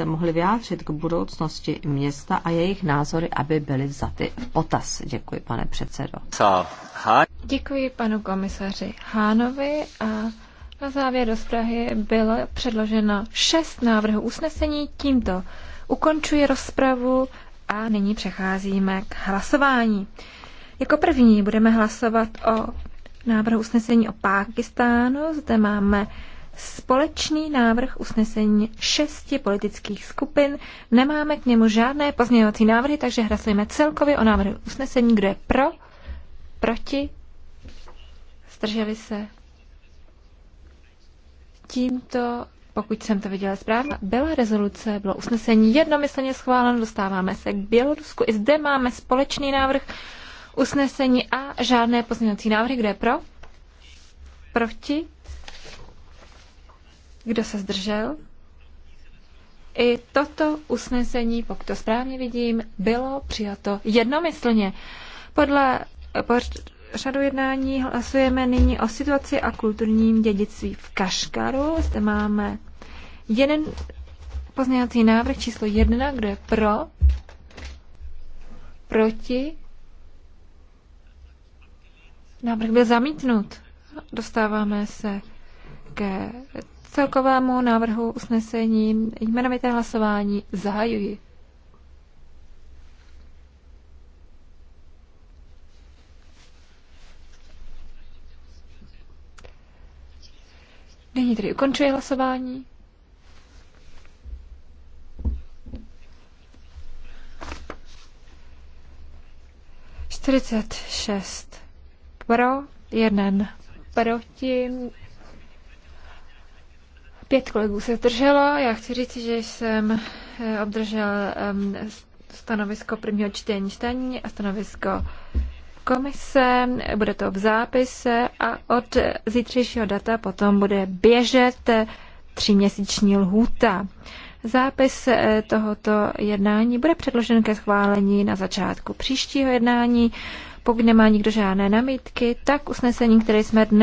se mohli vyjádřit k budoucnosti města a jejich názory, aby byly vzaty v potaz. Děkuji, pane předsedo. Děkuji panu komisaři Hánovi a na závěr rozpravy bylo předloženo šest návrhů usnesení. Tímto ukončuji rozpravu a nyní přecházíme k hlasování. Jako první budeme hlasovat o návrhu usnesení o Pákistánu. Zde máme společný návrh usnesení šesti politických skupin. Nemáme k němu žádné pozměňovací návrhy, takže hlasujeme celkově o návrhu usnesení. Kdo je pro? Proti? Zdrželi se? Tímto, pokud jsem to viděla správně, byla rezoluce, bylo usnesení jednomyslně schváleno, dostáváme se k Bělorusku. I zde máme společný návrh usnesení a žádné pozměňovací návrhy. Kdo je pro? Proti? Kdo se zdržel? I toto usnesení, pokud to správně vidím, bylo přijato jednomyslně. Podle pořadu jednání hlasujeme nyní o situaci a kulturním dědictví v Kaškaru. Zde máme jeden pozměňovací návrh číslo jedna, kdo je pro, proti. Návrh byl zamítnut. Dostáváme se ke celkovému návrhu usnesení jmenovité hlasování zahajuji. Nyní tedy ukončuji hlasování. Čtyřicet šest pro, jeden proti. Pět kolegů se zdrželo. Já chci říct, že jsem eh, obdržel stanovisko prvního čtení čtení a stanovisko komise, bude to v zápise a od zítřejšího data potom bude běžet eh, tříměsíční lhůta. Zápis eh, tohoto jednání bude předložen ke schválení na začátku příštího jednání. Pokud nemá nikdo žádné namítky, tak usnesení, které jsme dnes